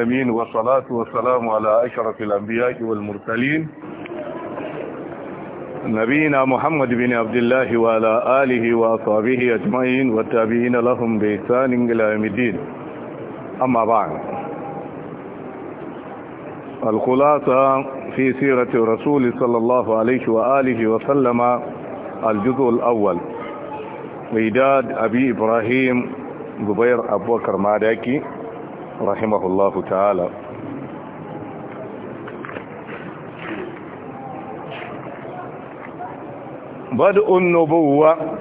الأمين والصلاة والسلام على أشرف الأنبياء والمرسلين نبينا محمد بن عبد الله وعلى آله وأصحابه أجمعين والتابعين لهم بإحسان إلى يوم الدين أما بعد الخلاصة في سيرة الرسول صلى الله عليه وآله وسلم الجزء الأول ميداد أبي إبراهيم زبير أبو بكر rahimahullahu ta'ala bad'un nubuwa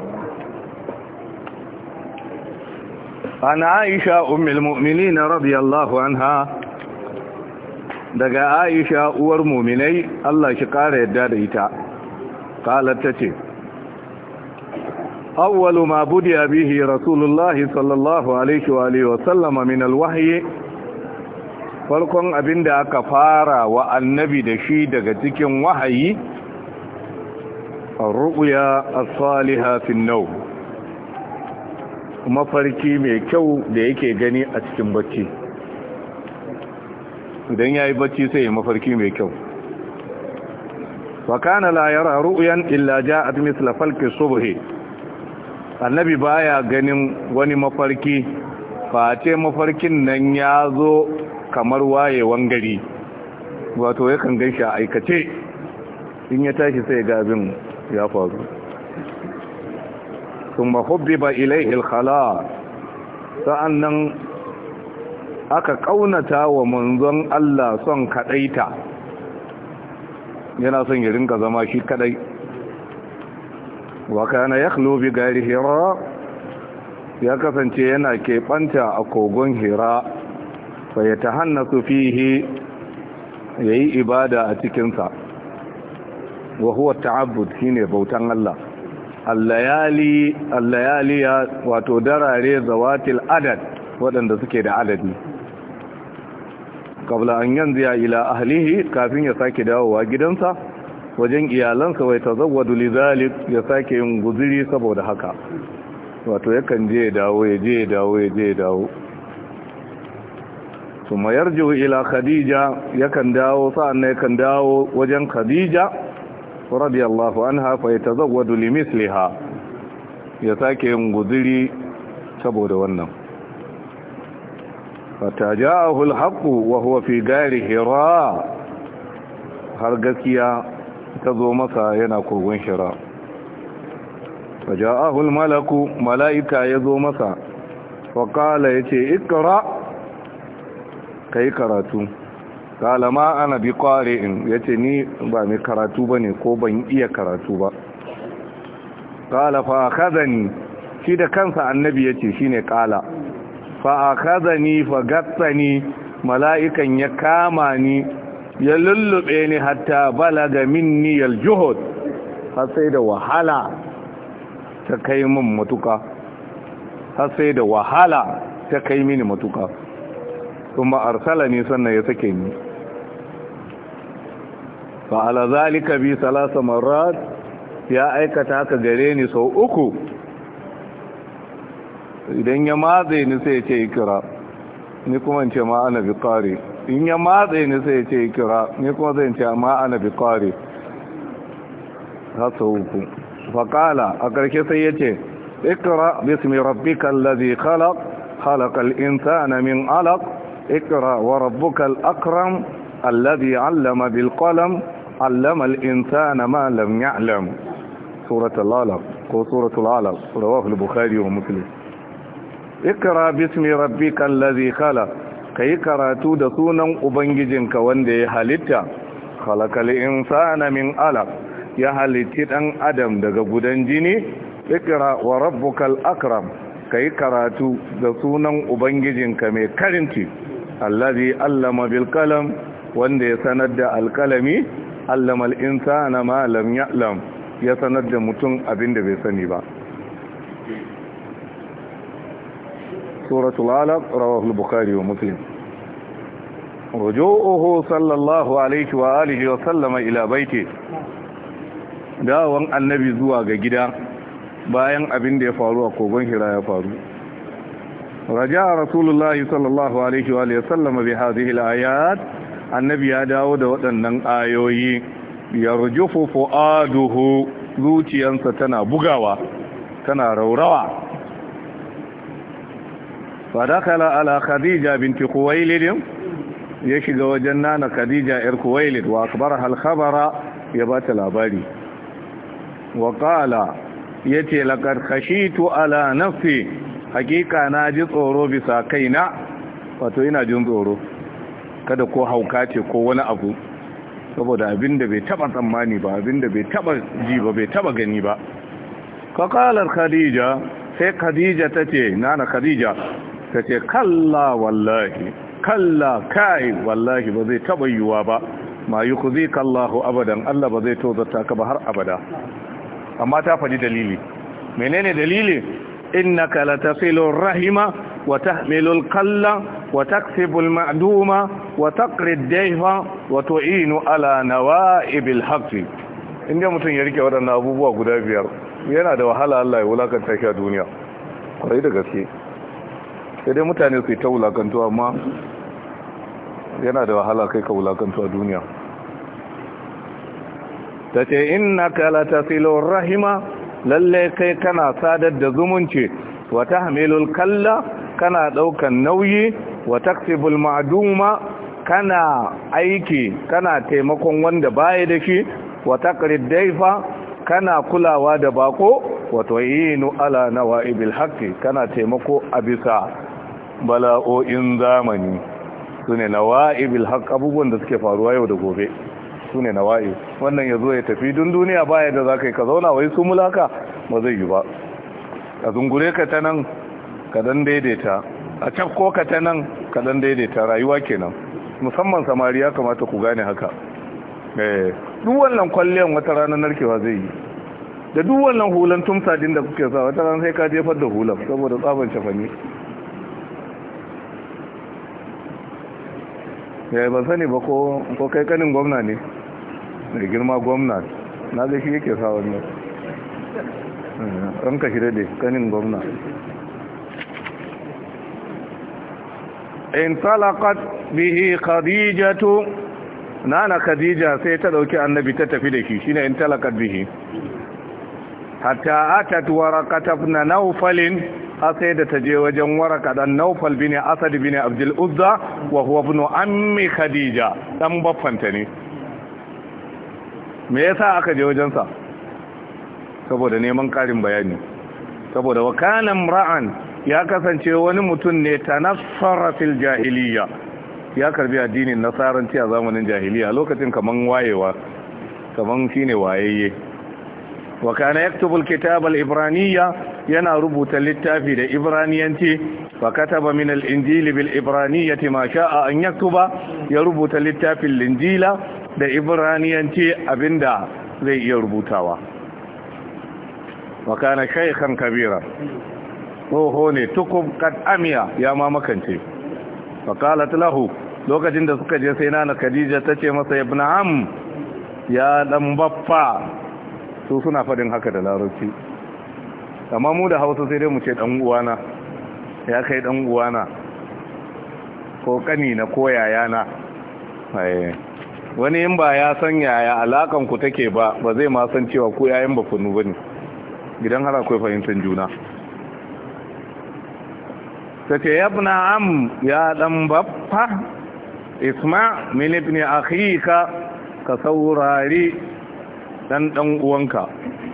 عن عائشة أم المؤمنين رضي الله عنها دقى عائشة أور مؤمني الله شقار يدار إيتا قالت تتي أول ما بدأ به رسول الله صلى الله عليه وآله وسلم من الوحي farkon أبن da aka والنبي دشيد annabi وحي shi الصالحة في النوم mafarki mai kyau da yake gani a cikin bacci idan ya yi bacci sai ya mafarki mai kyau wa kana la yara ru'yan illa ja'at mithla falqi subhi annabi baya ganin wani mafarki ce mafarkin nan ya zo kamar wayewan gari wato yakan gan shi a aikace in ya tashi sai gabin ya faru sun mahubbi ba ilai ilkhala Sa'annan aka ƙaunata wa manzon Allah son kaɗaita yana son ya rinka zama shi kaɗai wa kana yakhlu gari hira ya kasance yana keɓanta a kogon hira fa ya su fihi yi ibada a cikinsa wa huwa shi shine bautan Allah allayali allayaliya wato darare zawatil adad waɗanda suke da adadi kabla an yanzu ya ila ahlihi kafin ya sake dawowa gidansa wajen iyalansa wai ta tazawwadu lidhalik ya sake yin guziri saboda haka wato yakan je ya dawo ya je ya dawo ya je ya dawo kuma yarjiu ila khadija yakan dawo sa'an yakan dawo wajen khadija radiyallahu anha fa yatazawwadu limithliha ya sake yin guziri saboda wannan fataja'ahu alhaqu wa huwa fi gari hira har gaskiya ta zo masa yana kogon shira ahul malaku mala'ika ya zo masa faƙala ya ce ikara ka yi karatu ƙala ma ana bi in. ya ce ni ba mai karatu ba ne ko ban iya karatu ba ƙala fa ni shi da kansa annabi ya ce shi ne ƙala fa ni fa gatsa ni, mala'ikan ya kama ni ya lullube ni hatta balaga minni juhud har sai da wahala ta kai min matuka har sai da wahala ta kai mini matuka kuma arsala ne sannan ya sake ni fa ala zalika bi salasa marrat ya aikata haka gare ni sau uku idan ya matse ni sai ya ce ikira ni kuma ce ma ana bi qari in ya matsaye ni sai ya ce kira ni kuma zai ce ma ana bi qari hasa uku faqala a karshe sai ya ce ikra bismi rabbikal ladhi khalaq khalaqal insana min alaq ikra wa rabbukal akram alladhi 'allama bil qalam 'allama al insana ma lam ya'lam suratul alaq ko suratul alaq rawahu al bukhari wa muslim ikra bismi rabbikal ladhi khalaq kai karatu da sunan ubangijinka wanda ya halitta khalaqal insana min alaq ya halitti dan adam daga gudan jini Ikira wa rabbukal akram kai karatu da sunan ubangijinka mai karinci allazi allama bil wanda ya sanar da alkalami allama al insana ma lam ya'lam ya sanar da mutum abinda bai sani ba سورة العلم رواه البخاري ومسلم رجوعه صلى الله عليه وآله وسلم إلى بيته dawon annabi zuwa ga gida bayan abin da ya faru a kogon hira ya faru raja rasulullahi sallallahu alaihi wa sallam bi hadhihi al-ayat annabi ya dawo da waɗannan ayoyi yarjufu fuaduhu zuciyarsa tana bugawa tana raurawa fadakala ala khadija binti kuwailid ya shiga wajen nana khadija yar kuwailid wa akbar hal ya ba ta labari wa qala yace laqad khashitu ala nafsi hakika na ji tsoro bisa kaina wato ina jin tsoro kada ko hauka ce ko wani abu saboda abin da bai taba tsammani ba abin da bai taba ji ba bai taba gani ba kakalar khadija sai khadija ta ce nana khadija ka ce kalla wallahi kalla kai wallahi ba zai taba yiwa ba ma yi ku zai kallahu abadan Allah ba zai tozarta ka ba har abada amma ta faɗi dalili menene dalili innaka latasilur rahima wa tahmilul qalla wa taksibul ma'duma wa taqrid dayfa wa tu'inu ala nawa'ibil haqqi inda mutum ya rike waɗannan abubuwa guda biyar yana da wahala Allah ya wulakanta shi a duniya kwarai da gaske sai dai mutane su yi ta wulakantuwa amma yana da wahala kai ka wulakantuwa duniya ta ce inna kala ta filon rahima lalle kai kana sadar da zumunci wata hamilul kalla kana daukan nauyi wata ksibul ma'aduma kana aiki kana taimakon wanda baya da shi wata taqrid kana kulawa da bako yi nu'ala na nawaibil haƙƙi kana taimako a bisa bala'o'in zamani su ne nawa'ibil abubuwan da suke faruwa yau da gobe su ne wa'i wannan ya zo ya tafi dun duniya baya da za ka yi ka zauna wai su mulaka ba zai yi ba a zungure ka ta nan ka dan daidaita a cakko ka ta nan ka dan daidaita rayuwa kenan musamman samari ya kamata ku gane haka eh, duk wannan kwalliyan wata ranar narkewa zai yi da duk wannan hulan sadin da kuke sa wata ranar sai ka jefar da hulan saboda tsaban cefane ya eh, ban sani ba ko kai kanin gwamna ne mai girma gwamna na zai shi yake sa wannan eh, ranka shi dade kanin gwamna in talakat bihi khadijatu nana khadija sai ta dauki annabi ta tafi da shi shine in talakat bihi hatta atat waraqat ibn nawfal har sai da ta je wajen waraka dan naufal bin asad bin abdul uzza wa huwa ibn ammi khadija dan baffanta ne me yasa aka je wajen sa saboda neman karin bayani saboda wa kana ya kasance wani mutum ne tanaffara fil jahiliya ya karbi addinin nasaranci a zamanin jahiliya lokacin kaman wayewa kaman shine wayeye wa kana yaktubu al-kitab al-ibraniyya yana rubuta littafi da ibraniyanci fa kataba min al-injili bil ibraniyyati ma sha'a an yaktuba ya rubuta littafin linjila da ibraniyanci abinda zai iya rubutawa wa kana shaykhan kabira oho ne tukum kad amiya ya ma makance fa qalat lahu lokacin da suka je sai nana khadija tace masa ibn am ya dan baffa su suna fadin haka da larabci amma mu da hausa sai dai mu ce dan uwana ya kai dan uwana ko kani ko yayana wani in ba ya san yaya alakan ku take ba ba zai ma san cewa ku yayin ba kunu bane gidan har akwai fahimtar juna tace yabna am ya dan baffa isma min ibn akhika ka saurari dan dan uwanka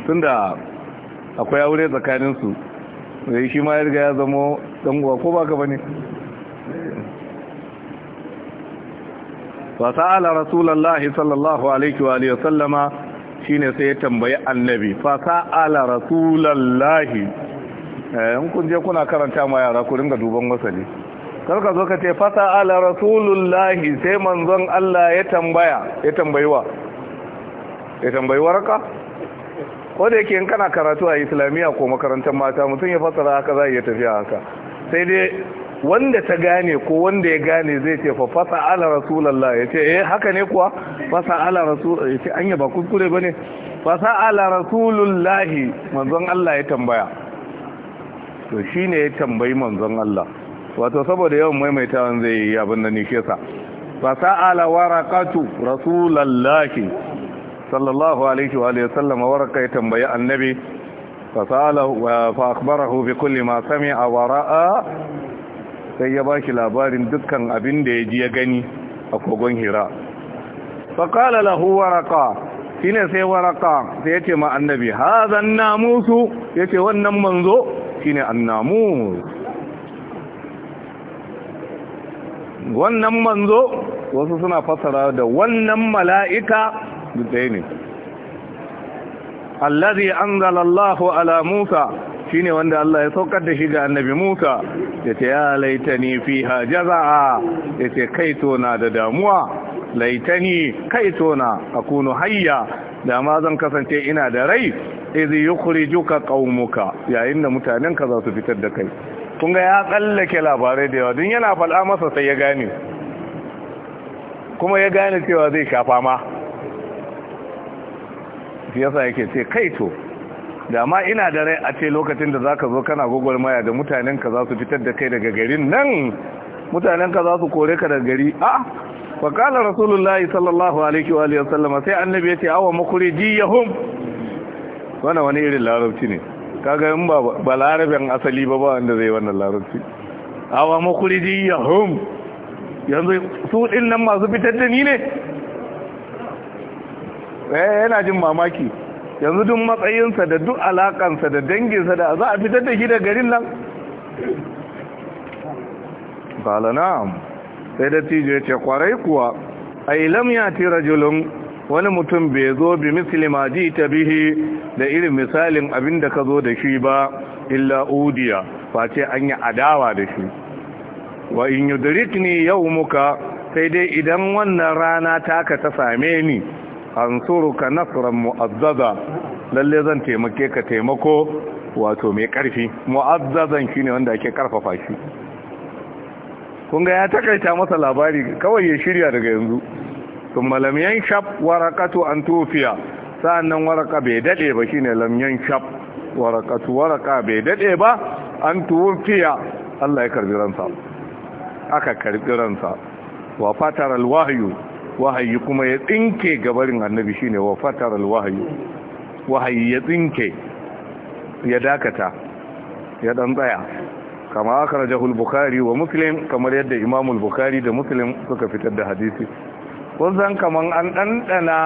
tunda akwai aure tsakaninsu zai eh, shi ma ya riga ya zamo ɗanguwa ko ba ka bane wa sa'ala rasulallahi sallallahu alaihi wa alihi sallama shine sai ya tambayi annabi fa sa'ala rasulallahi eh in kun je kuna karanta ma yara ku ringa duban wasali karka zo ka ce fa sa'ala rasulullahi sai manzon Allah ya tambaya ya tambayi wa ya tambayi waraka ko yake yin kana karatu a islamiyya ko makarantar mata mutum ya fasara haka za a iya tafiya haka sai dai wanda ta gane ko wanda ya gane zai ce fa fasa ala rasulallah ya ce eh haka ne kuwa fasa ala rasulallah ya ce anya ba kuskure ne fasa ala rasulallah manzon Allah ya tambaya to shine ya tambayi manzon Allah wato saboda yawan maimaitawan zai yi abin da ni kesa fasa ala waraqatu rasulallah sallallahu alaihi wa sallam waraka ya tambayi annabi fa akhbarahu bi kulli ma sami'a wa ra'a sai ya bashi labarin dukkan abin da ya ji ya gani a kogon hira fa qala lahu waraka shine sai waraka sai yace ma annabi hadha an-namusu yace wannan manzo shine an wannan manzo wasu suna fasara da wannan mala'ika duk ne allazi anzalallahu ala Musa shine wanda Allah ya saukar da shi ga annabi Musa yace ya laitani fiha jazaa yace kai to na da damuwa laitani kai to na akunu hayya da ma zan kasance ina da rai idh yukhrijuka qaumuka yayin da mutanen ka za su fitar da kai kun ga ya tsallake labarai da yawa din yana fal'a masa sai ya gane kuma ya gane cewa zai shafa ma shi yasa yake ce kai to da ma ina da rai a ce lokacin da zaka zo kana maya da mutanen ka za su fitar da kai daga garin nan mutanen ka za su kore ka daga gari a fa kala rasulullahi sallallahu alaihi wa alihi wasallam sai annabi ya ce awa makurijiyahum wannan wani irin larabci ne kaga in ba ba larabin asali ba ba wanda zai wannan larabci awa makurijiyahum yanzu su din nan masu fitar da ni ne Eh, yana jin mamaki yanzu duk matsayinsa da duk alakansa da danginsa da za a fitar da shi da garin nan kala sai da tijo ya ce kwarai kuwa a ai lamya tira rajulun wani mutum bai zo bi misli ji ta bihi da irin misalin abin da ka zo da shi ba illa udiya face an yi adawa da shi wa in yau muka, sai dai idan wannan rana taka ta same ni ka nasran mu'azzaza lalle zan taimake ka taimako wato mai ƙarfi mu'azzazan shine wanda ake karfafa shi kun ga ya takaita masa labari kawai ya shirya daga yanzu sun malamiyan shaf warakatu an tufiya sa'annan waraka bai dade ba shine lamiyan shaf warakatu waraka bai dade ba an tufiya Allah ya karbi ransa aka karbi ransa wa fatar alwahiyu wahayi kuma ya tsinke gabarin annabi shine wa fatar alwahayi wahayi ya tsinke ya dakata ya dan tsaya kama aka al-bukhari wa muslim kamar yadda Imamul al-bukhari da muslim suka fitar da hadisi wannan kaman an dandana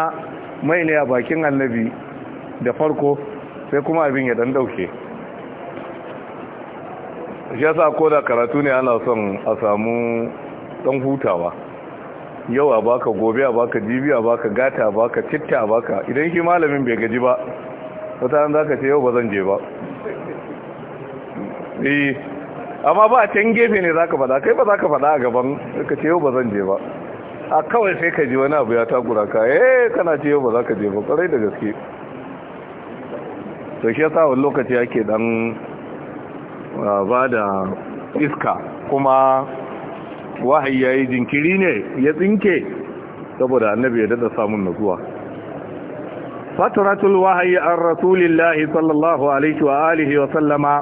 mai ne a bakin annabi da farko sai kuma abin ya dan dauke shi yasa ko da karatu ne ana son a samu dan hutawa yau a baka gobe a baka jibi a baka gata a baka citta a baka idan shi malamin bai gaji ba wata za ka ce yau ba zan je ba eh, amma ba a can gefe ne za ka fada kai ba za ka fada a gaban ka ce yau ba zan je ba a kawai sai ka ji wani abu ya takura ka eh kana ce yau ba za ka je ba kwarai da gaske to shi yasa wani lokaci ake dan ah, ba da iska kuma wahayi ya yi jinkiri ne ya tsinke saboda annabi ya dada samun nasuwa faturatul wahayi an rasulillahi sallallahu alaihi wa alihi wa sallama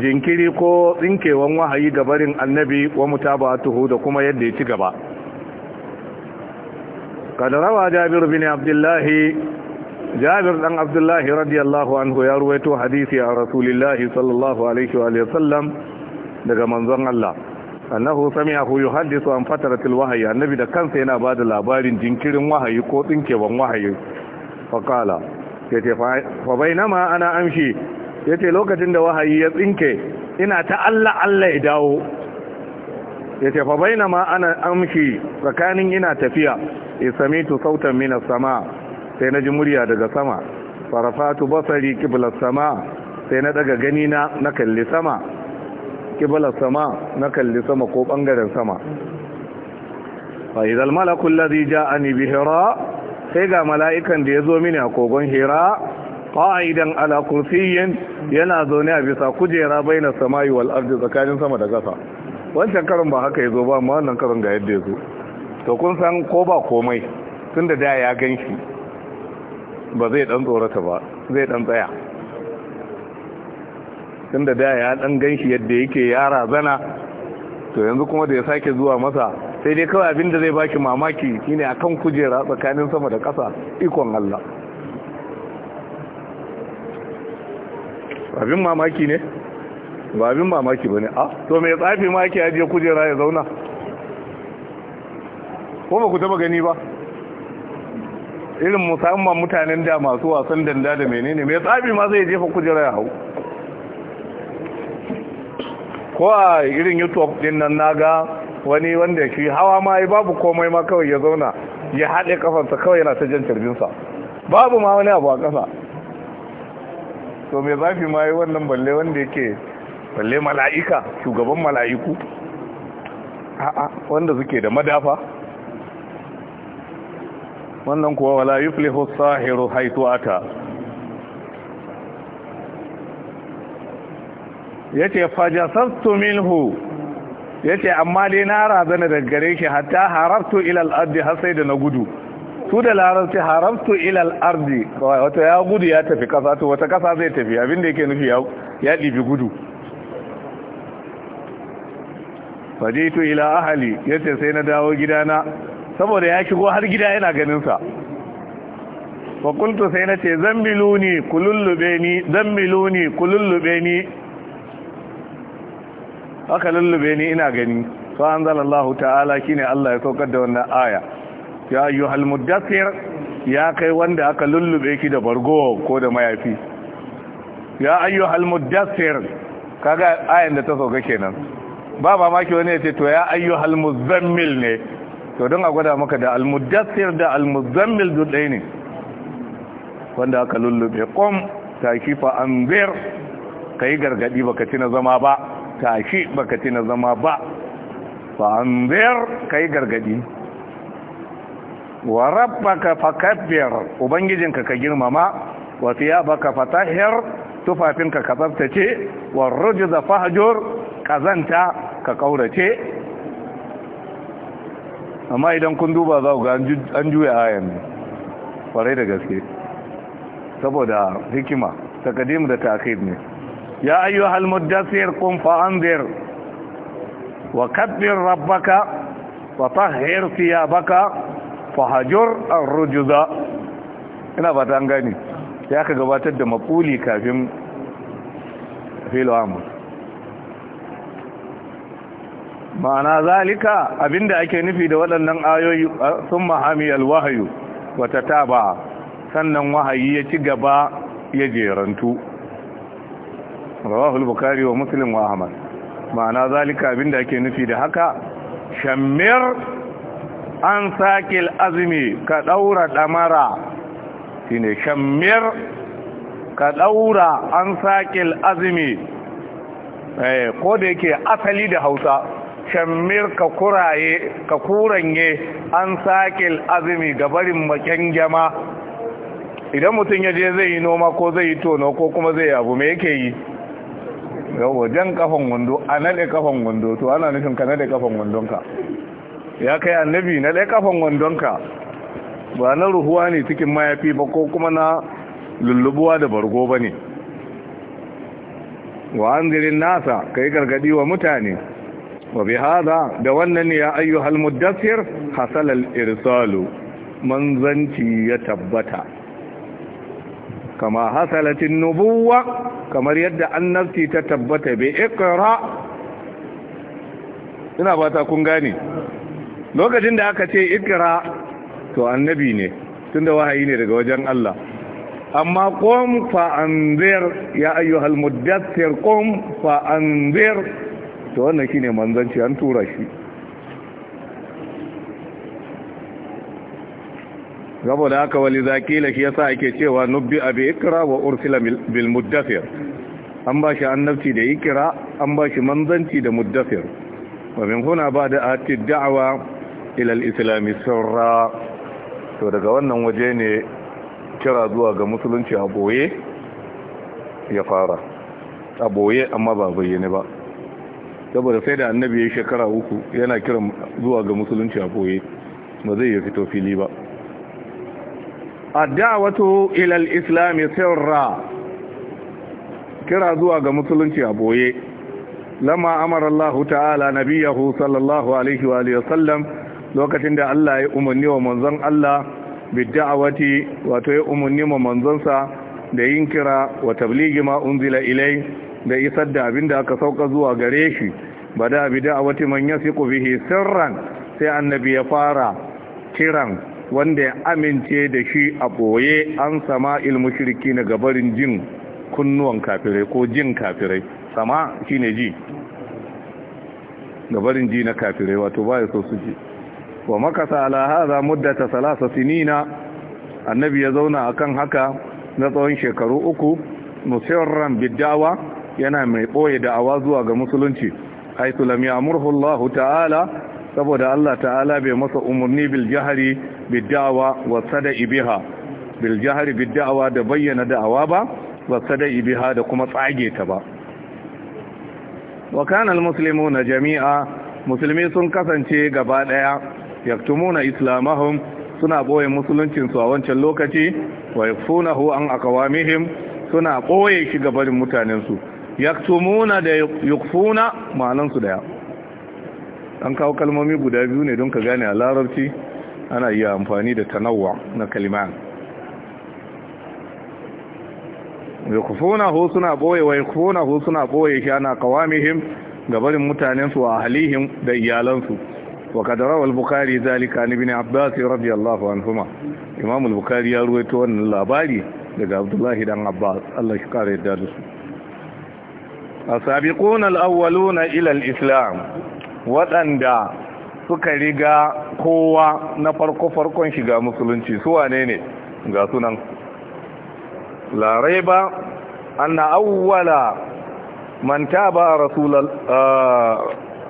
jinkiri ko tsinkewan wahayi gabarin annabi wa mutaba'atuhu da kuma yadda ya ci gaba kadarawa روى bin abdullahi عبد dan abdullahi radiyallahu anhu ya ruwaito hadisi a يروي sallallahu alaihi wa الله wa sallam daga manzon Allah annahu sami'ahu yuhaddithu an fataratil wahyi annabi da kansa yana ba da labarin jinkirin wahayi ko tsinkewan wahayi fa ya ce fa bainama ana amshi ya ce lokacin da wahayi ya tsinke ina ta Allah Allah ya dawo ya ce fa bainama ana amshi tsakanin ina tafiya isamitu sautan minas sama sai na ji murya daga sama farafatu basari qibla sama sai na daga gani na kalli sama kibala sama na kalli sama ko bangaren sama fa idal malaku alladhi ja'ani bi hira sai ga mala'ikan da yazo mini a kogon hira qa'idan ala kursiyyin yana zaune a bisa kujera baina samai wal ardi tsakanin sama da gasa wancan karin ba haka yazo ba amma wannan karin ga yadda yazo to kun san ko ba komai tunda da ya ganshi ba zai dan tsorata ba zai dan tsaya tun da da ya dan ganshi yadda yake yara zana to yanzu kuma da ya sake zuwa masa sai dai kawai abinda zai baki mamaki shine akan kujera tsakanin sama da ƙasa ikon Allah abin mamaki ne ba abin mamaki bane a ah, to mai tsafi ma yake ajiye kujera ya zauna ko ba ku taba gani ba irin musamman mutanen da masu wasan danda da menene mai tsafi ma zai jefa kujera ya hau ko a irin youtube din nan naga wani wanda shi hawa ma ya babu komai ma kawai ya zauna ya haɗe kafansa kawai yana ta jan turbinsa babu ma wani abu a ƙasa to mai zafi ma yi wannan balle wanda yake balle mala'ika shugaban mala'iku a'a wanda suke da madafa wannan kuwa wala yuflihu sahiru haitu ata ya ce fajasastu minhu ya ce amma dai na razana da gare shi hatta harabtu ilal ardi har sai da na gudu su da larabci harabtu ilal ardi wata ya gudu ya tafi kasa to wata kasa zai tafi abinda yake nufi ya ɗibi gudu fajitu ila ahali ya ce sai na dawo gidana saboda ya shigo har gida yana ganinsa fakultu sai na ce zambiluni kulullube ni zambiluni kulullube ni aka lullube ni ina gani fa anzalallahu ta'ala kine Allah ya saukar da wannan aya ya ayyuhal mudaththir ya kai wanda aka lullube ki da bargo ko da mayafi ya ayyuhal mudaththir kaga ayan da ta sauka kenan ba mamaki wani ya ce to ya ayyuhal muzammil ne to don a gwada maka da mudaththir da muzammil duk dai ne wanda aka lullube kom ta kifa anzir kai gargadi baka ci na zama ba tashi baka tina zama ba fa'anzir kai gargadi wa rabbaka fakabbir ubangijinka ka girmama wa baka fatahhir tufafinka ka tsaftace wa rujza fahjur kazanta ka kaurace amma idan kun duba za ku ga an juya ayan kwarai da gaske saboda hikima takadimu da ta'khir ne يا أيها المدثر قم فأنذر وكبر ربك وطهر ثيابك فهجر الرجز ina fata an gani ya ka gabatar da makuli kafin filo amur ma'ana zalika abinda ake nufi da waɗannan ayoyi sun mahami alwahayu wata taba sannan wahayi ya ci gaba ya jerantu rawahul bukari wa muslim wa ahmad ma'ana zalika abinda ake nufi da haka shammir an sakil azumi ka daura damara shine shammir ka daura an sakil azumi eh ko da yake asali da Hausa shammir ka kuraye ka kuranye an sakil azumi gabarin maken jama idan mutum yaje zai yi noma ko zai yi tono ko kuma zai abu me yake yi yawo jan kafan wando a naɗe kafan wando to ana nufin ka naɗe kafan wandonka ya kai annabi naɗe kafan wandonka ba na ruhuwa ne cikin mayafi ba ko kuma na lullubuwa da bargo ba ne wa an zirin nasa ka yi gargadi wa mutane wa bi haza da wannan ya ayyuhal muddassir hasalal irsalu manzanci ya tabbata kama hasalatin nubuwa kamar yadda annabci ta tabbata bai ikira. ina ta kun gane lokacin da aka ce ikira to annabi ne tunda wahayi ne daga wajen Allah amma qum fa anzir ya ayyuhal muddathir qum fa anzir to wannan shine manzanci an tura shi saboda haka wali zakila shi yasa ake cewa nubbi abi ikra wa ursila bil muddathir an ba shi annabci da ikra an ba shi manzanci da muddathir wa min huna ba'da ati da'wa ila al-islam sirra to daga wannan waje ne kira zuwa ga musulunci a boye ya fara a boye amma ba bayyane ba saboda sai da annabi ya shekara uku yana kiran zuwa ga musulunci a boye ba zai ya fito fili ba addawatu ila al-islam sirra kira zuwa ga musulunci a boye lama amara Allah ta'ala nabiyahu sallallahu alaihi wa alihi wasallam lokacin da Allah ya umarni wa manzon Allah bid'awati wato ya umarni wa manzonsa da yin kira wa tablighi ma unzila ilai da isar da abinda aka sauka zuwa gare shi bada bid'awati man yasiqu bihi sirran sai annabi ya fara kiran wanda ya amince da shi a boye an sama ilmushiriki na gabarin jin kunnuwan kafirai ko jin kafirai sama ne ji gabarin ji na kafirai wato ya so su ji wa makasa ala mudda muddata salasa sinina annabi ya zauna a kan haka na tsawon shekaru uku musirran bid'awa yana mai boye awa zuwa ga musulunci haythu ya murhullahu Allah ta'ala saboda Allah ta'ala bai masa umarni bil jihari. bid'awa wa sada'i ibiha, bil jahri bid'awa da bayyana da'awa ba wa sada'i ibiha da kuma tsage ta ba wa kana almuslimuna jami'a musulmi sun kasance gaba daya yaktumuna islamahum suna boye musuluncin su a wancan lokaci wa yakfunahu an aqwamihim suna boye shi gaban mutanen su yaktumuna da yukfuna ma'anansu daya an kawo kalmomi guda biyu ne don ka gane a larabci ana iya amfani da tanawa na kaliman yakufuna suna boye wa yakufuna suna boye shi ana qawamihim gabarin mutanensu wa ahlihim da iyalansu wa kadara al-bukhari zalika an ibn abbas radiyallahu anhuma imam al-bukhari ya ruwaito wannan labari daga abdullahi dan abbas Allah shi kare da su asabiquna al-awwaluna ila al-islam wadanda suka riga kowa na farko-farkon shiga musulunci su wane ne ga sunan larai ba anna awwala man taba rasulal ah,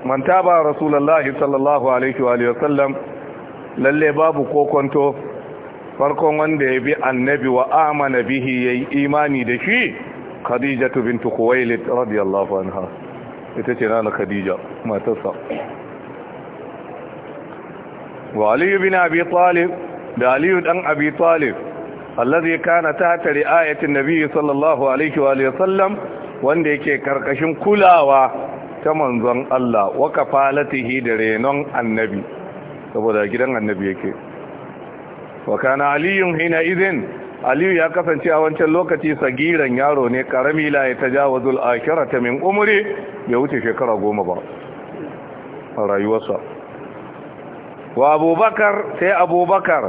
man taba rasulullahi sallallahu alaihi wa sallam lalle babu kokonto farkon wanda ya bi annabi wa amana bihi yayi imani da shi khadijatu bint khuwailid radiyallahu anha ita ce nana khadija matarsa wa aliyu bin abi talib da aliyu dan abi talib allazi kana tahta ri'ayatin nabi sallallahu alaihi wa sallam wanda yake karkashin kulawa ta manzon Allah wa kafalatihi da renon annabi saboda gidan annabi yake wa kana aliyun hina idin aliyu ya kasance a wancan lokaci sagiran yaro ne karami la ya tajawazul akhirata min umri ya wuce shekara goma ba a rayuwarsa wa abubakar sai abubakar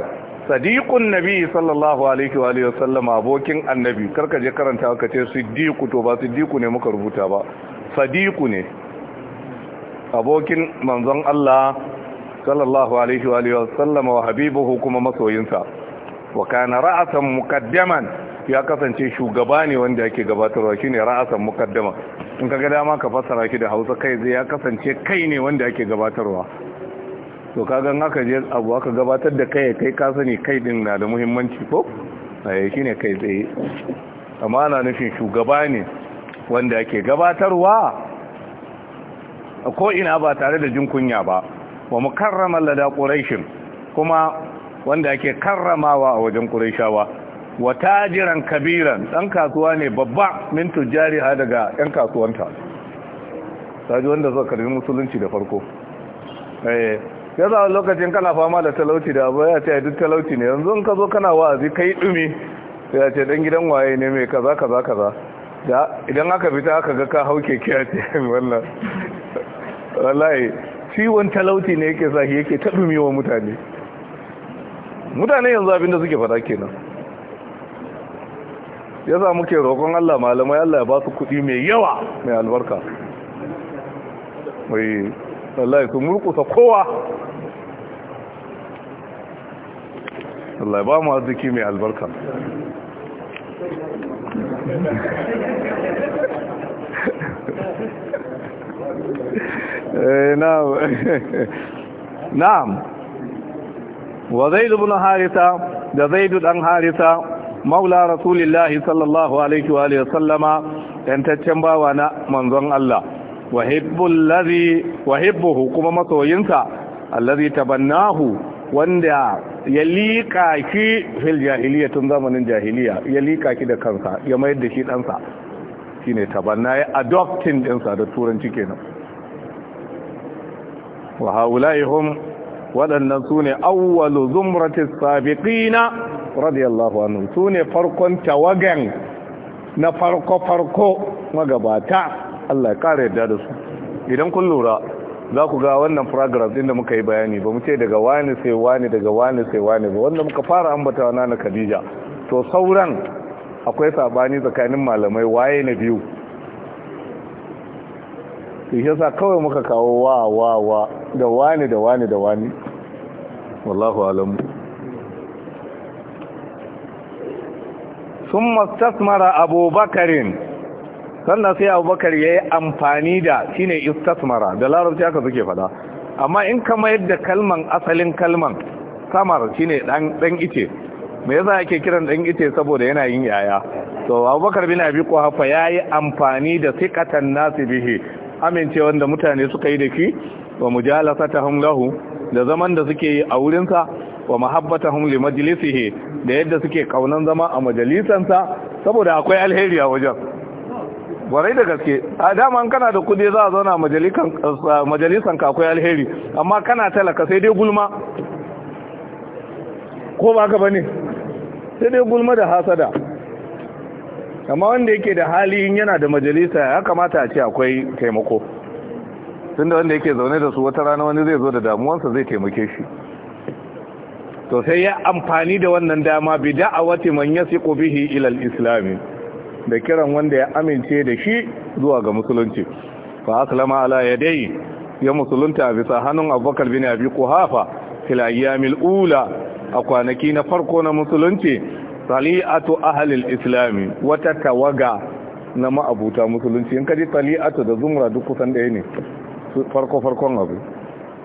sadiqun nabi sallallahu alaihi wa alihi wasallam abokin annabi karka je karanta ka ce siddiqu to ba siddiqu ne muka rubuta ba sadiqu ne abokin manzon Allah sallallahu alaihi wa alihi wasallam wa habibuhu kuma masoyinsa wa kana ra'atan muqaddaman ya kasance shugaba ne wanda yake gabatarwa shine ra'atan muqaddama in kaga dama ka fassara shi da Hausa kai zai ya kasance kai ne wanda yake gabatarwa to kagan haka je abu aka gabatar da kai kai ka sani kai din na da muhimmanci ko ai eh, shine kai tsaye amma ana nufin shugaba ne wanda yake gabatarwa ko ina ba tare da jin kunya ba wa mukarrama lada quraishin kuma wanda yake karramawa a wajen quraishawa wa tajiran kabiran dan kasuwa ne babba min tujari ha daga yan kasuwanta saji wanda suka karbi musulunci da farko eh ya za lokacin kana fama da talauci da abu ya ce a duk talauci ne yanzu ka zo kana wa'azi kai dumi ya ce dan gidan waye ne mai kaza kaza kaza da idan aka fita aka ga ka hauke kiya ce wannan wallahi ciwon talauci ne yake sa shi yake ta dumi wa mutane mutane yanzu abin da suke fada kenan ya za muke roƙon Allah malamai Allah ya ba su kuɗi mai yawa mai albarka mai wallahi su murkusa kowa Allah ba mu arziki mai albarka eh, na'am na'am wa zaid ibn Harisa da zaid dan Harisa, maula rasulillahi sallallahu alaihi wa alihi sallama tantaccen bawa na manzon Allah wahibbul ladhi wahibbuhu kuma masoyinsa allazi tabannahu wanda ya liƙa ki fil jahiliya tun zamanin jahiliya ya liƙa ki da kansa ya mayar da shi ɗansa shine ne tabanna ya adoptin ɗinsa da turanci kenan wa haula'ihum waɗannan su ne awwalu zumratis sabiqina radiyallahu anhu su ne farkon tawagan na farko-farko magabata Allah ya ƙara yadda da su idan kun lura za ku ga wannan program din da muka yi bayani ba mu ce daga wani sai wani daga wani sai wani ba wanda muka fara ambatawa na na Khadija to sauran akwai sabani tsakanin malamai waye na biyu to shi yasa kawai muka kawo wa wa wa da wani da wani da wani wallahu alam ثم استثمر أبو بكر sannan sai abubakar ya yi amfani da shi ne istasmara da larabci aka suke fada amma in kama yadda kalman asalin kalman samar shi ne dan ice me yasa ake kiran dan ice saboda yana yin yaya to abubakar bin abi hafa, ya yi amfani da sikatan nasi bihe amincewan da mutane suka yi da shi wa ta lahu da zaman da suke yi a wurinsa wa mahabbatahum li majlisihi da yadda suke kaunan zama a majalisansa saboda akwai alheri a wajen warai da gaske a dama kana da kudi za a zauna majalisan kakwai alheri amma kana talaka sai dai gulma ko ba ka bane sai dai gulma da hasada amma wanda yake da hali yana da majalisa ya kamata a ce akwai taimako da wanda yake zaune da su wata rana wani zai zo da damuwansa zai taimake shi to sai ya amfani da wannan dama bi a man yasiqu bihi ila al da kiran wanda ya amince da shi zuwa ga musulunci fa aslama ala yadai ya musulunta bisa hannun abubakar bin abi kuhafa fil ayyamil ula a kwanaki na farko na musulunci sali'atu ahlil islami wata tawaga na ma'abuta musulunci in ji sali'atu da zumra duk kusan ɗaya ne farko farkon abu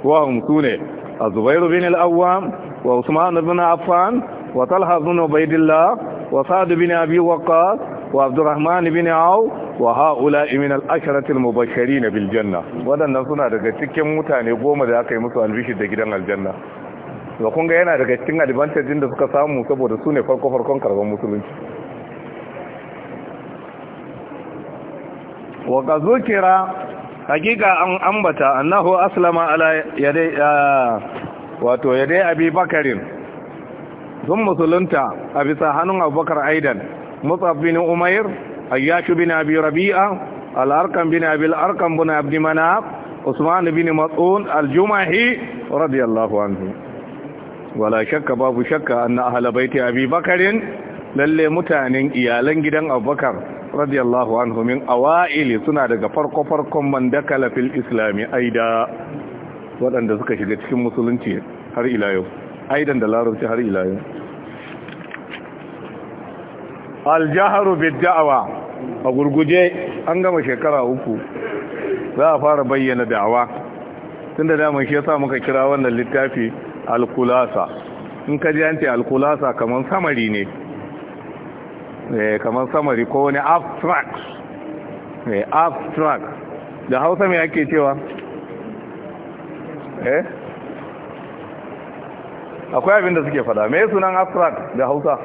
wa hamsu ne a zubairu bin al-awwam wa usman bin affan wa talha bin ubaidillah wa sa'd bin abi waqqas وعبد الرحمن بن عوف وهؤلاء من العشرة المبشرين Biljanna. Waɗannan suna daga cikin mutane goma da aka yi musu albishir da gidan aljanna da kun ga yana daga cikin advantage da suka samu saboda sune ne farko farkon karban musulunci wa qazukira hakika an ambata annahu aslama ala yadai wato yadai sun musulunta a bisa hannun abubakar aidan مطعب بن أمير أياش بن أبي ربيعة الأركم بن أبي الأركم بن عبد مناف عثمان بن مطعون الجمحي رضي الله عنه ولا شك باب شك أن أهل بيت أبي بكر lalle mutanen iyalan gidan abubakar radiyallahu anhu min awaili suna daga farko-farkon mandakala fil islami aida waɗanda suka shiga cikin musulunci har ila yau aidan da larabci har ila yau aljaharu Da'awa a gurguje an gama shekara uku za a fara bayyana da'awa tunda da shi yasa muka kira wannan littafi alkulasa in ka ji anti alkulasa kamar samari ne eh, kamar samari ko wani abstract eh, abstract da hausa mai ake cewa eh akwai da suke fada me sunan abstract da hausa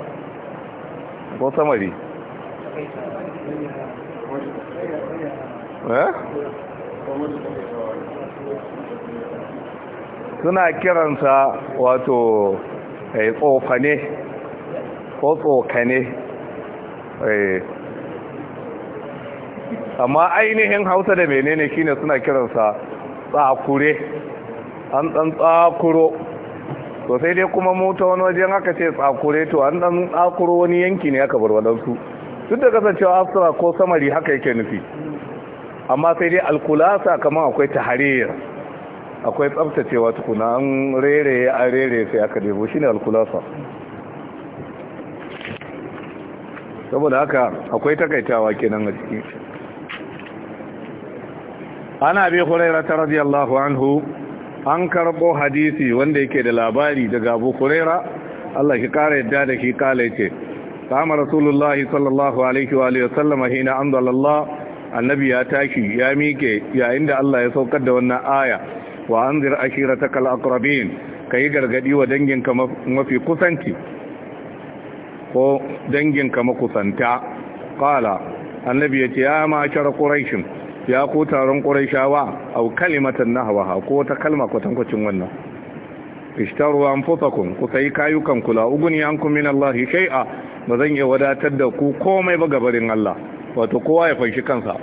ko samari eh? suna kiransa wato eh, tsofane ko tsokane eh. amma ainihin hausa da menene shine suna kiransa tsakure an dan tsakuro to sai dai kuma mota wani wajen aka ce tsakure to an dan tsakuro wani yanki ne aka bar wadansu duk da kasancewa asra ko samari haka yake nufi amma sai dai alkulasa kamar akwai tahariyar akwai tsabtacewa tukuna an rere a rere sai aka debo shine alkulasa saboda haka akwai takaitawa kenan a ciki ana bi hurairah radiyallahu anhu an karɓo hadisi wanda yake da labari daga abu kurera Allah shi kara yadda da shi kala ce kama rasulullahi sallallahu alaihi wa sallam hina anzalallah annabi ya tashi ya mike yayin da Allah ya saukar da wannan aya wa anzir ashiratakal aqrabin yi gargadi wa danginka mafi kusanci ko danginka makusanta qala annabi ya ce ya ma'ashara quraishin ya ko taron ƙuraishawa a kalimatan ha, ko ta kalma kwatankwacin wannan ishtaru anfusakum ku sayi kayukan kula uguni ankum min Allah shay'a ba zan iya wadatar da ku komai ba gabarin Allah wato kowa ya fanshi kansa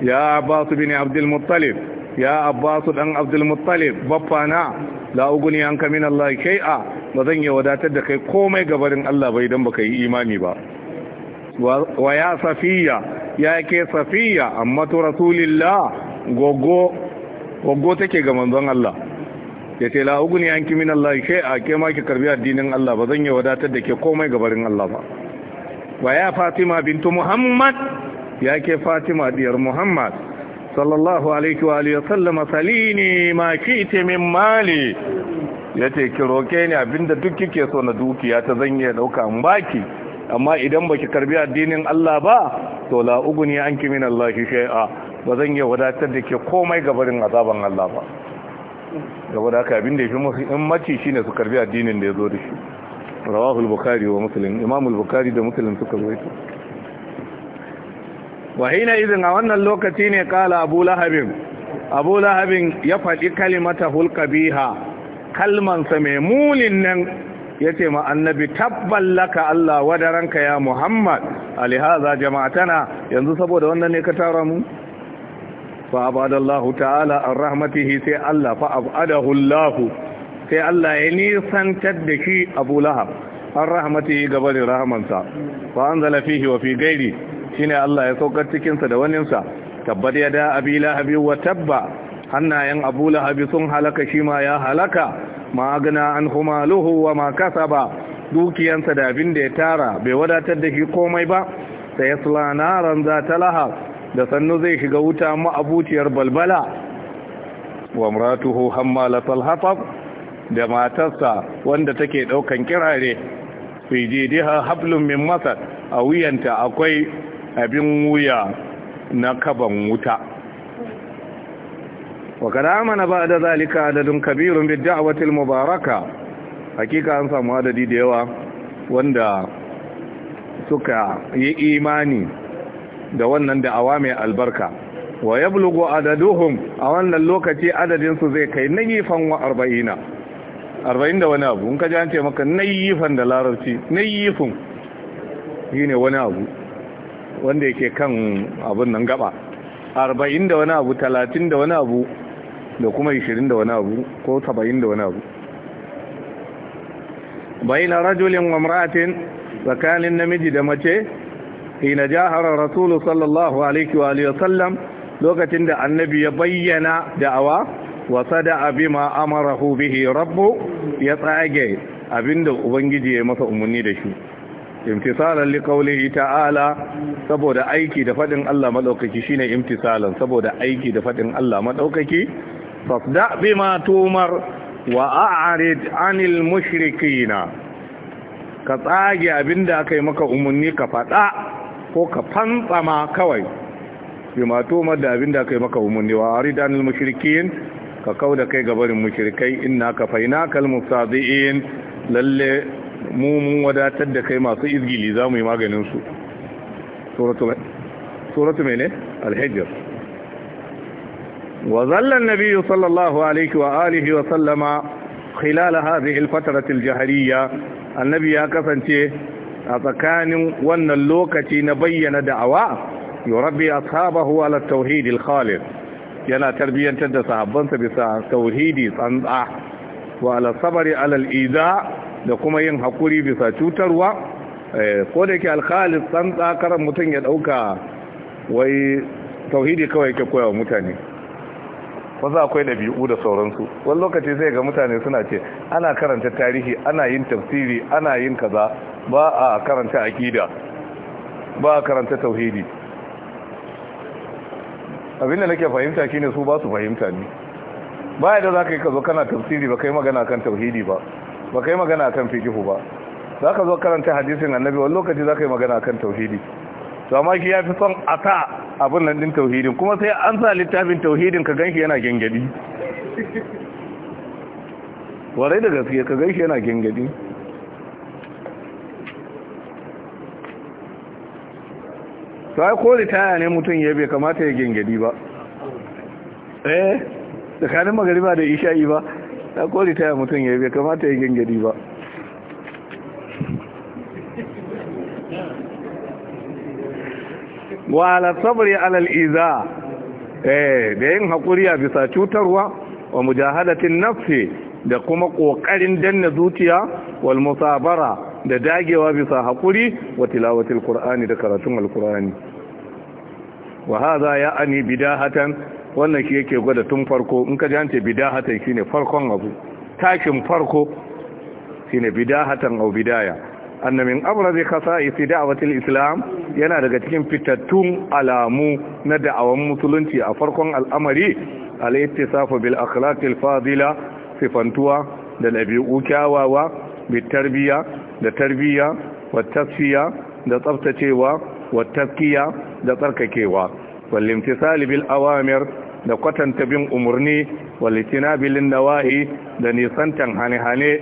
ya abbasu bin Abdul Muttalib ya abbasu dan Abdul Muttalib baffana la uguni anka min Allah shay'a ba zan iya wadatar da kai komai gabarin Allah ba idan baka yi imani ba wa ya safiya ya ke safiya amma to rasulillah gogo gogo take ga manzon Allah ya ce la an anki min Allah a ke ma ki karbi addinin Allah ba zan yi wadatar da ke komai ga barin Allah ba wa ya fatima bintu muhammad ya ke fatima diyar muhammad sallallahu alaihi wa alihi sallama salini ma kiti min mali yace ki roke ni abinda duk kike so na dukiya ta zan iya dauka in baki amma idan baki karbi addinin Allah ba to la uguni anki min Allah shay'a ba zan iya wadatar da ke komai gabarin azaban Allah ba saboda da haka abin da yafi mu in mace shine su karbi addinin da yazo da shi rawahu al-bukhari wa muslim imam al-bukhari da muslim suka rawaito wa hina idan a wannan lokaci ne kala abu lahabin abu lahabin ya faɗi kalimata hulka kalman kalmansa mai mulin nan ya ce ma annabi tabbalaka Allah wadaranka ya Muhammad alihaza jama'atana yanzu saboda wannan ne ka tara mu fa abadallahu ta'ala an rahmatihi sai Allah fa abadahu Allah sai Allah ya nisantar da shi Abu Lahab an rahmatihi gaba da rahamansa fa anzala fihi wa fi gairi shine Allah ya saukar cikin sa da waninsa tabbat yada abi lahabi wa tabba hannayen Abu Lahab sun halaka shi ma ya halaka ma an kuma luhu wa ma ba dukiyansa da abin da ya tara bai wadatar da shi komai ba sai yasla za ta laha da sannu zai shiga wuta ma'abuciyar abuciyar balbala wa hamma hammalatul hatab da matarsa wanda take daukan kirare fi ha hablum min masar a wuyanta akwai abin wuya na kaban wuta وقد آمن بعد ذلك عدد كبير بالدعوة المباركة حقيقة أنسى مهددي ديوة واندى سكع يإيماني دوانا دعوامي البركة ويبلغ عددهم أولا اللوكة عدد سزيكا نيفا وأربعين أربعين دوانا أبو انك جانت يمكا نيفا دلارتي نيفا هنا وانا أبو wanda كي كان أبونا نقبع gaba arba'in da wani abu talatin da wani abu da kuma 20 da wani abu ko 70 da wani abu bayna rajulin wa tsakanin namiji da mace hina jaharar rasulu sallallahu alaihi wa lokacin da annabi ya bayyana da'awa wa abi bima amarahu bihi rabbu ya tsage abinda ubangiji ya masa umarni da shi imtisalan liqaulihi ta'ala saboda aiki da faɗin Allah madaukaki shine imtisalan saboda aiki da faɗin Allah maɗaukaki. فاصدع بما تومر وأعرض عن المشركين كتاجي أبن داك يمك أمني كفتاء وكفنطما كوي بما تومر دا أبن داك يمك أمني وأعرض عن المشركين ka kau kai gabar mushrikai inna ka faina kal mustadiin lalle mu wadatar da kai masu izgili zamu yi maganin su suratu suratu mene al وظل النبي صلى الله عليه وآله وسلم خلال هذه الفترة الجهرية النبي أكسنتي أتكان وأن اللوكة نبين دعوة يربي أصحابه على التوحيد الخالص ينا تربيا تد صحابا بسا توحيدي صنع وعلى الصبر على الإيذاء لكما ينحقري بسا تتروى قولك الخالص صنع كرم متنجد أوكا وي tauhidi kawai yake koya wa mutane wasu akwai ɗabi'u da sauransu wani lokaci zai ga mutane suna ce ana karanta tarihi ana yin tafsiri ana yin kaza ba a karanta akida ba a karanta tauhidi abinda nake fahimta shine su ba su fahimta ne ba da za ka yi kazo zo kana tafsiri ba kai magana kan tauhidi ba ba kai magana kan fikihu ba za ka zo karanta hadisin annabi wani lokaci za ka yi magana kan tauhidi to amma ki ya fi son a abin nan din tauhidin kuma sai an sa littafin tauhidin ka ganshi yana gengadi warai da gaske ka ganshi yana gengadi sai ko ritaya ne mutum ya bai kamata ya gengadi ba eh tsakanin magariba da isha'i ba sai ko ritaya mutum ya bai kamata ya gengadi ba wa sabri alaliza. iza eh da yin hakuri a bisa cutarwa wa mujahadatin nafsi da kuma kokarin danna zuciya wal musabara da dagewa bisa hakuri wa tilawatil qur'ani da karatun alqur'ani wa hadha ya'ani bidahatan wannan shi yake gwada tun farko in ka jance bidahatan shine farkon abu takin farko shine bidahatan au bidaya anna min abrazi khasa'isi da'watil islam yana daga cikin fitattun alamu na da'awan musulunci a farkon al'amari al-ittisafu bil akhlaqil fadila sifantuwa da dabi'u kyawawa bi tarbiya da tarbiya wa tasfiya da tsaftacewa wa taskiya da tsarkakewa wal imtisali bil awamir da kwatanta bin umarni wal itinabilin nawahi da nisantan hane-hane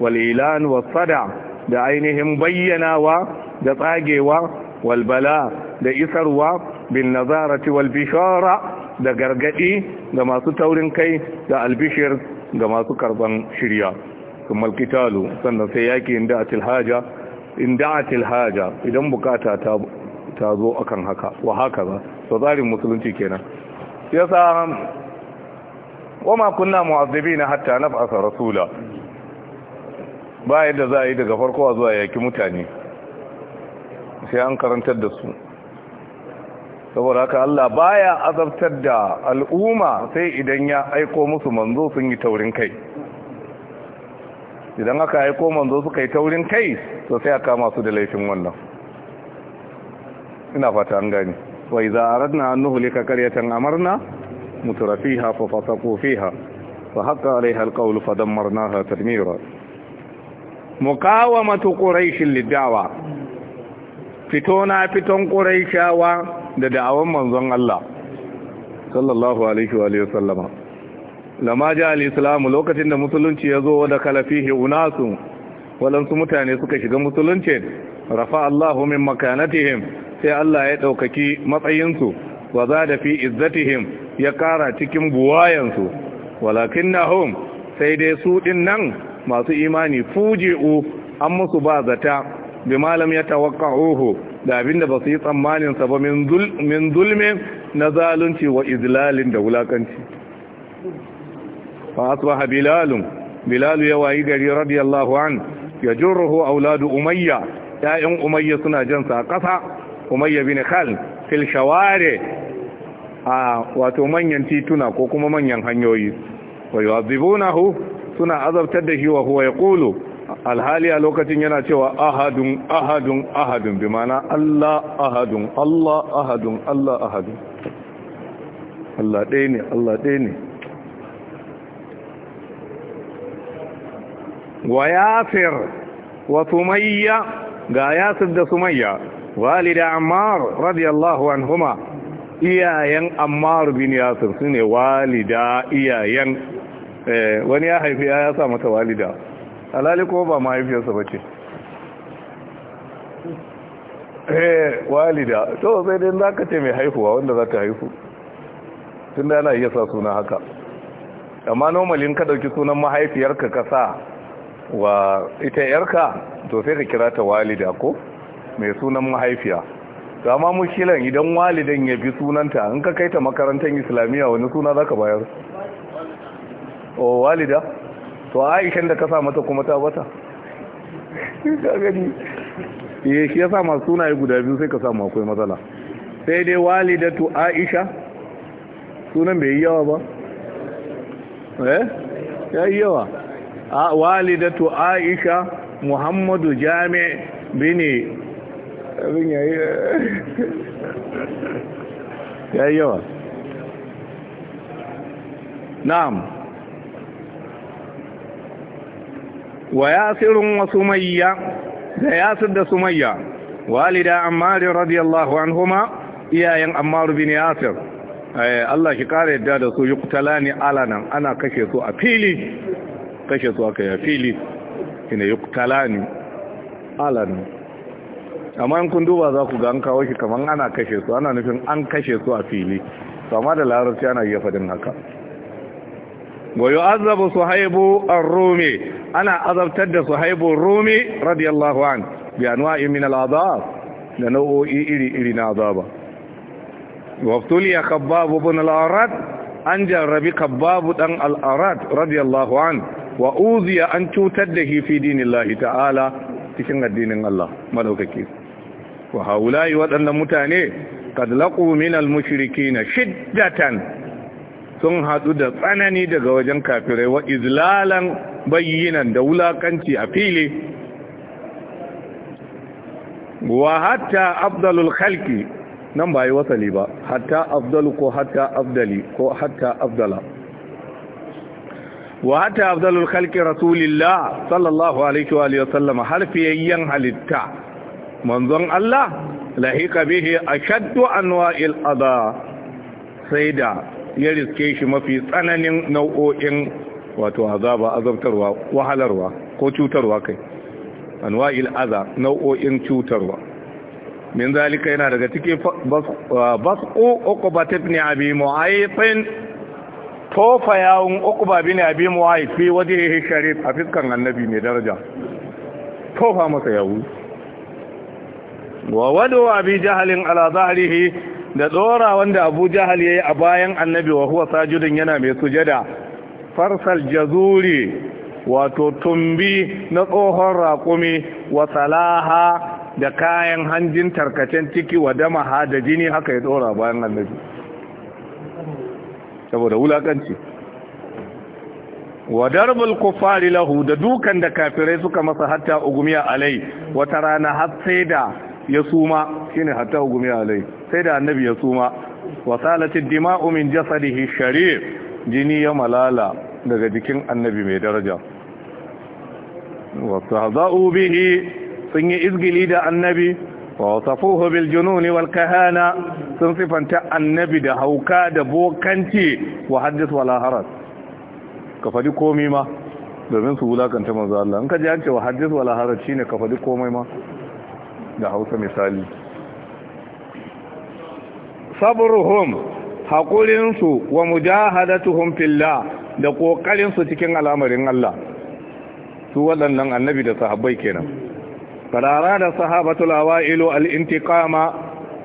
wal ilan was sada da ainihin bayyanawa da tsagewa walbala da isarwa bin nazarati walbishara da gargadi ga masu taurin kai da albishir ga masu karban shirya sun malkitalu sannan sai yaki inda a tilhaja idan bukata ta zo akan haka wa haka ba so tsarin musulunci kenan yasa wama kunna na hatta nab'atha rasula ba yadda za a yi daga farko a zuwa yaki mutane sai an karantar da su saboda haka Allah baya azabtar da al'umma sai idan ya aiko musu manzo sun yi taurin kai idan aka aiko manzo suka yi taurin kai to sai aka masu da laifin wannan ina fata an gani wa ka aradna an nuhlika qaryatan amarna mutrafiha fa fasaqu fiha fa haqa alaiha alqawlu fa dammarnaha tadmira mukawamatu ƙuraishin lidawa fito na fiton quraishawa da da'awar manzon Allah sallallahu alaihi wa sallama lama ji al'islamu lokacin da musulunci ya yazo da kalafihi unasu waɗansu mutane suka shiga musulunci rafa allah min makanatihim sai Allah ya ɗaukaki matsayinsu wa da fi izzatihim ya ƙara cikin buwayensu. Walakin na hom sai dai su ɗin nan masu imani fuji'u an musu ba zata bi malam ya tawaqqa'uhu da abinda ba su yi tsammanin sa ba min zulmin na zalunci wa izlalin da wulakanci fa asbaha bilalun bilal ya wayi gari radiyallahu an yajruhu auladu umayya ya'yan umayya suna jan sa ƙasa. umayya bin khal fil shawari a wato manyan tituna ko kuma manyan hanyoyi wa yu'adhibunahu suna azabtar da shi wa huwa yaqulu alhali a lokacin yana cewa ahadun ahadun ahadun bi mana Allah ahadun Allah ahadun Allah ahadun Allah ɗaya ne Allah ɗaya ne wa yasir wa sumayya ga yasir da sumayya walida ammar radiyallahu anhuma iyayen ammar bin yasir sune walida iyayen Eh, wani ya haifi ya sa mata walida alali ko ba mahaifiyarsa ba ce eh, walida to sai dai za ka ce mai haihuwa wanda za ta haihu tun da ana iya sa suna haka amma nomalin ka ɗauki sunan mahaifiyarka ka sa wa ita yarka to sai ka kira ta walida ko mai sunan mahaifiya to amma mushilan idan walidan ya bi sunanta in ka kai ta makarantar islamiyya wani suna za ka bayar o walida to aishan da ka sa mata kuma ta bata ka gani eh shi yasa masu sunaye guda biyu sai ka samu akwai matsala sai dai walidatu aisha sunan bai yi yawa ba eh ya yi yawa walidatu aisha muhammadu jami bini abin ya yi yawa na'am wa yasirun wa sumayya da yasir da sumayya walida ammar radiyallahu anhuma iyayen ammar bin yasir eh, Allah shi kare yadda da su yuqtalani alanan ana kashe su a fili kashe su aka ya fili ina yuqtalani alanan amma in kun duba za ku ga an kawo shi kamar ana kashe su ana nufin an kashe su a fili amma da larabci ana iya faɗin haka wa yu'azzabu suhaibu ar-rumi ana azabtar da suhaibu rumi radiyallahu an bi anwa'in min da nau'o'i iri iri na azaba wa ya khabbab ibn an jarrabi kababu dan al radiyallahu an wa uziya an cutar da hifi fi dinillahi ta'ala cikin addinin Allah madaukake wa haula'i waɗannan mutane kad laqu al-mushrikeena shiddatan sun hadu da tsanani daga wajen kafirai wa izlalan bayyinan da wulakanci a fili wa hatta afdalul khalqi nan ba yi wasali ba hatta afdalu ko hatta afdali ko hatta afdala wa hatta afdalul khalqi rasulillah sallallahu alaihi wa alihi wasallam harfiyayyan halitta manzon Allah lahiqa bihi ashaddu anwa'il adha sai da ya riske shi mafi tsananin nau'o'in wato azaba azabtarwa wahalarwa ko cutarwa kai anwa'il aza nau'o'in cutarwa min zalika yana daga cikin basqu uqbat ibn abi mu'aytin tofa yawun uqba bin abi mu'ayt fi wajhihi sharif a fiskan annabi mai daraja tofa masa yawu wa wadu abi jahlin ala zahrihi da tsora wanda abu jahal ya yi a bayan annabi wa huwa sajudin yana mai sujada farsal jazuri wato tumbi na tsohon raƙumi wa salaha da kayan hanjin tarkacen ciki wa damaha da jini haka ya tsora bayan annabi saboda wulakanci wa darbul kufari lahu da dukan da kafirai suka masa hatta ugumiya alai wata rana har sai da ya suma shine hatta gumi alai sai da annabi ya suma wasalatid dima'u min jasadihi sharif jini ya malala daga jikin annabi mai daraja wastahza'u bihi sun yi izgili da annabi wasafuhu bil jununi wal kahana sun sifanta annabi da hauka da bokanci wa haddith haras ka fadi komai ma domin su wulakanta manzo Allah in ka ji an ce wa haddith wala haras shine ka fadi komai ma da hausa misali sabruhum haƙurinsu wa mujahadatuhum fillah da ƙoƙarinsu cikin al'amarin Allah su waɗannan annabi da sahabbai kenan farara da sahabatul awailu al-intiqama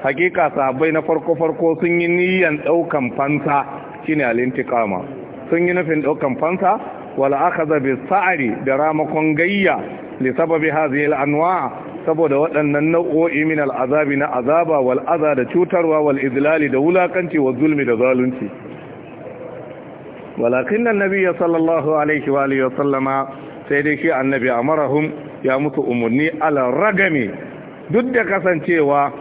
hakika sahabbai na farko farko sun yi niyyar daukan fansa shine al-intiqama sun yi nufin daukan fansa wala akhadha bis sa'ri da ramakon gayya li sababi hadhihi al-anwa' saboda waɗannan nau'o'i min al'azabi na azaba wal aza da cutarwa wal izlali da wulakanci wa zulmi da zalunci walakin nan nabi sallallahu alaihi wa alihi sallama sai dai shi annabi amarahum ya mutu umarni ala ragami duk da kasancewa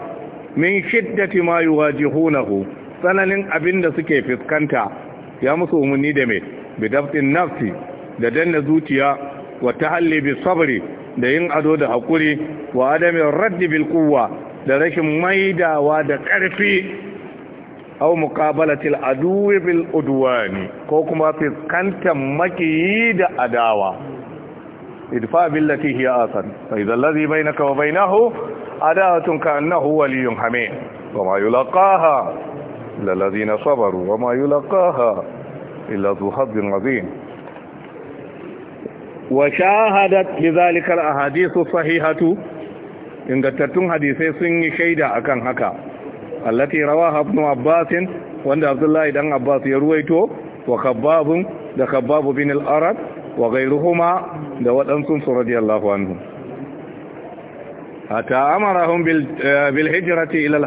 min shiddati ma yuwajihunahu tsananin abin da suke fuskanta ya musu umarni da mai bidaftin nafsi da danna zuciya wa tahalli bi sabri da yin ado da hakuri wa adamin raddi bil quwwa da rashin maidawa da karfi aw muqabalatil aduwi bil udwani ko kuma fiskantar makiyi da adawa idfa billati hiya asan fa idza alladhi bainaka wa bainahu adawatun ka annahu waliyyun hamid wa ma yulaqaha illa alladhina sabaru wa ma yulaqaha illa dhu hazzin wa shahadat bi zalikal ahadithu sahihatu ingantattun hadisai sun yi shaida a kan haka allati rawa ibn abbas wanda abdullahi dan abbas ya ruwaito wa khabbab da khabbab bin al-arad wa ghayruhuma da wadansu su radiyallahu anhu hatta amarahum bil eh, bil hijrati ila al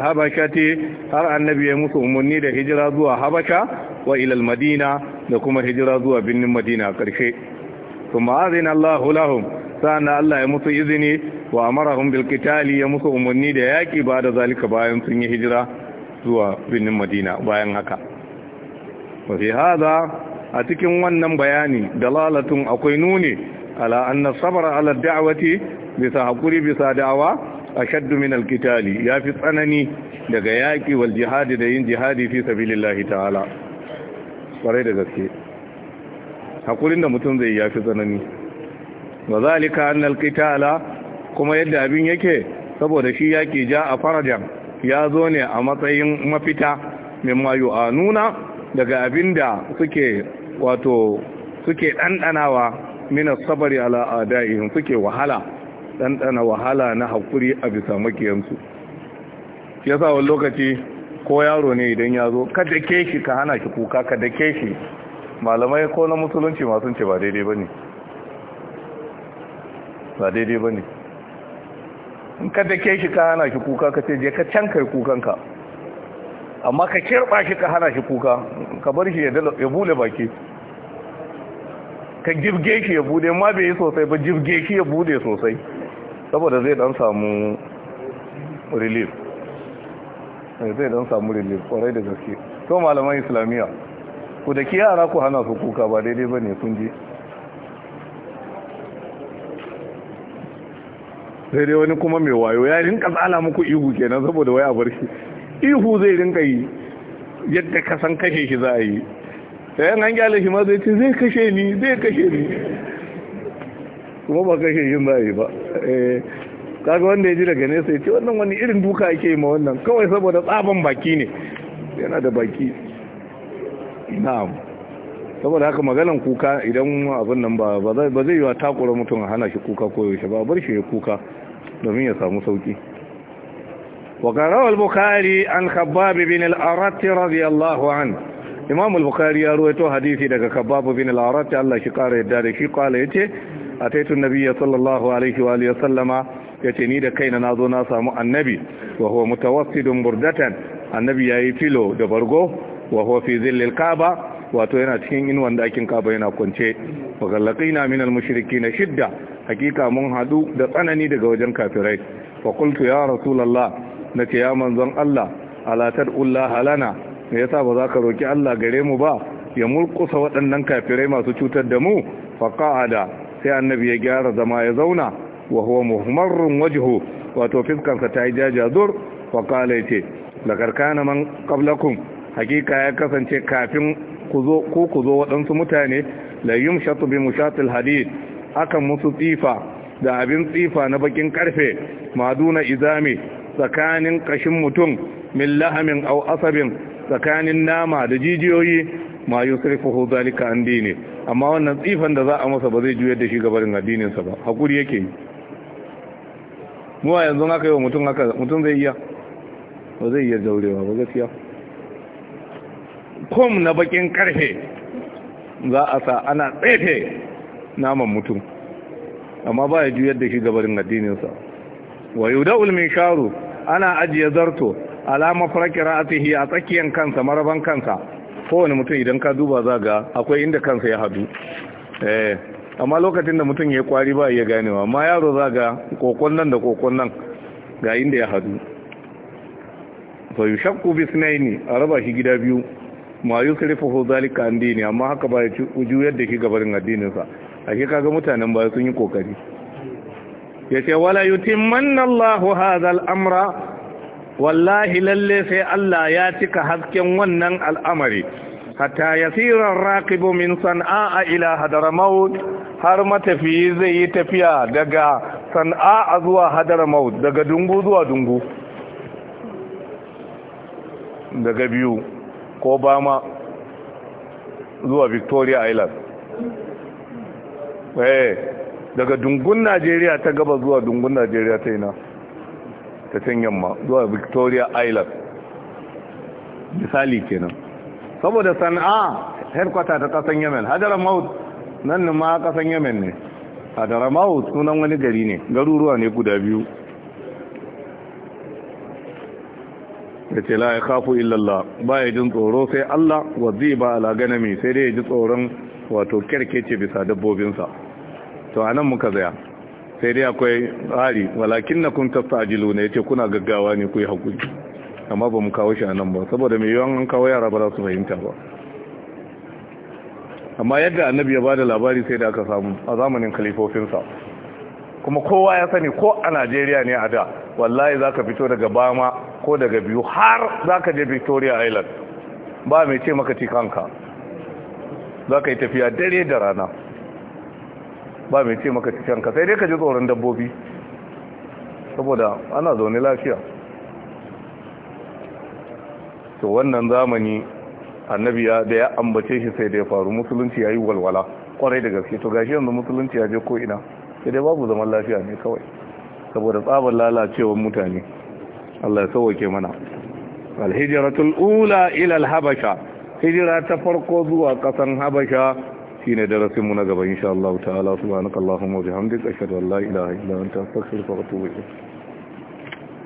har annabi ya musu umarni da hijira zuwa habasha wa ilal madina da kuma hijira zuwa birnin madina karshe kuma azina Allahu lahum sa'anna Allah ya musu izini wa amarahum bil ya musu umarni da yaƙi ba da zalika bayan sun yi hijira zuwa birnin Madina bayan haka wa fi a cikin wannan bayanin da dalalatun akwai nuni ala anna sabra ala bisa hakuri bisa da'awa ashaddu min kitali ya fi tsanani daga yaki jihadi da yin jihadi fi sabilillahi ta'ala kwarai da gaske hakurin da mutum zai yafi tsanani wa zalika annal qitala kuma yadda abin yake saboda shi yaki ja a farajan ya zo ne a matsayin mafita a nuna daga abin da suke wato suke ɗanɗanawa min sabari ala adaihim suke wahala ɗanɗana wahala na hakuri a bisa makiyansu ya sa wani lokaci ko yaro ne idan ya zo kada ke shi ka hana shi kuka kada ke shi malamai ko na musulunci masu ce ba daidai ba ne ba daidai ba ne in ka ke shi ka hana shi kuka ka ce je ka can kai kukanka amma ka kirɓa shi ka hana shi kuka ka bar shi ya bule baki ka jibge shi ya bude ma bai yi sosai ba jibge shi ya bude sosai saboda zai dan samu relief eh, zai dan samu relief kwarai da gaske to malaman islamiyya ku da ki yara ku hana su kuka ba daidai ba ne kun ji wani kuma mai wayo ya rinka tsala muku ihu kenan saboda waya bar shi ihu zai rinka yi yadda ka san kashe shi za a yi sayan an gyale shi ma zai ce zai kashe ni zai kashe ni kuma ba kashe shi za a yi ba eh, kaga wanda ya ji daga nesa ya ce wannan wani irin duka ake yi ma wannan kawai saboda tsaban baki ne yana da baki na'am saboda haka maganan kuka idan abin nan ba zai yi wa takura mutum a hana shi kuka ko yaushe ba bar shi ya kuka domin ya samu sauki wa bukhari an khabbab bin al-arat radiyallahu an imam al ya ruwaito hadisi daga khabbab bin al-arat Allah shi kare yadda da shi kwala yace ataitu nabiyyi sallallahu alaihi wa alihi sallama yace ni da kaina na zo na samu annabi wa huwa mutawassidun burdatan annabi ya yi filo da bargo wa huwa fi zillil kaaba wato yana cikin inuwan ɗakin kaaba yana kwance wa gallaqina minal na shidda hakika mun hadu da tsanani daga wajen kafirai fa qultu ya rasulullah ce ya manzon Allah ala tad'ullaha lana me yasa ba za ka roki Allah gare mu ba ya mulkusa waɗannan kafirai masu cutar da mu fa qa'ada sai annabi ya gyara zama ya zauna wa huwa muhmarrun wajhu wato fiskansa ta yi jajazur wa qala yace lakar kana man qablakum hakika ya kasance kafin ko ku zo waɗansu mutane la yumshatu bi mushatil hadid akan musu tsifa da abin tsifa na bakin karfe maduna izami tsakanin kashin mutum min lahamin au asabin tsakanin nama da jijiyoyi ma yusrifuhu zalika an dini amma wannan tsifan da za a masa ba zai juyar da shi gabarin addininsa ba hakuri yake yi muwa yanzu haka yi wa mutum haka mutum zai iya ba zai iya jaurewa ba gaskiya kom na bakin karfe za a sa ana tsefe naman mutum amma ba ya juyar da shi gabarin addininsa wa ulmin sharu ana ajiye zarto alama farakira a a tsakiyar kansa maraban kansa kowane mutum idan ka duba za ga akwai inda kansa ya hadu eh, amma lokacin da mutum ya kwari ba ya ganewa amma yaro za ga kokon nan da kokon nan ga inda ya hadu fa yushakku bisnaini a raba shi gida biyu ma yusrifuhu zalika an dini amma haka ba ya juyar da ke gabarin addininsa ake kaga mutanen baya sun yi kokari yace wala yutimmanna Allahu haza al wallahi lalle sai Allah ya cika hasken wannan al'amari hatta ya ar rakibu min san'a ila Maut har matafiyi zai yi tafiya daga san'a zuwa Hadar Maut daga dungu zuwa dungu daga biyu ko Obama zuwa victoria island eh daga dungun najeriya ta gaba zuwa dungun najeriya ta ina ta can yamma zuwa victoria island misali kenan saboda sana'a headquarter ta kasan yemen Hadara maut nan ma kasan yemen ne Hadara maut sunan wani gari ne garuruwa ne guda biyu ya ce la ya kafu illallah ba ya jin tsoro sai Allah wa zai ba ala ganami sai dai ya ji tsoron wato kerkece bisa dabbobinsa to a nan muka zaya sai dai akwai tsari walakin na kun tafta ajilu ne ya ce kuna gaggawa ne ku yi haƙuri amma ba mu kawo shi a nan ba saboda mai yawan an kawo yara ba za su fahimta ba amma yadda annabi ya ba da labari sai da aka samu a zamanin kalifofinsa kuma kowa ya sani ko a najeriya ne a da wallahi za ka fito daga bama ko daga biyu har za ka je victoria island ba mai ce maka ci kanka za ka yi tafiya dare da rana ba mai ce maka ci kanka sai dai ka ji tsoron dabbobi saboda ana zaune lafiya to wannan zamani annabi ya da ya ambace shi sai da ya faru musulunci ya yi walwala kwarai da gaske to gashi yanzu musulunci ya je ko ina sai dai babu zaman lafiya ne kawai saboda tsabar lalacewar mutane Allah ya sauke mana alhijratul ula ila alhabasha hijira ta farko zuwa kasan habasha shine darasin mu na gaba insha Allah ta'ala subhanakallahumma wa bihamdika ashhadu an la ilaha illa anta astaghfiruka wa atubu ilayk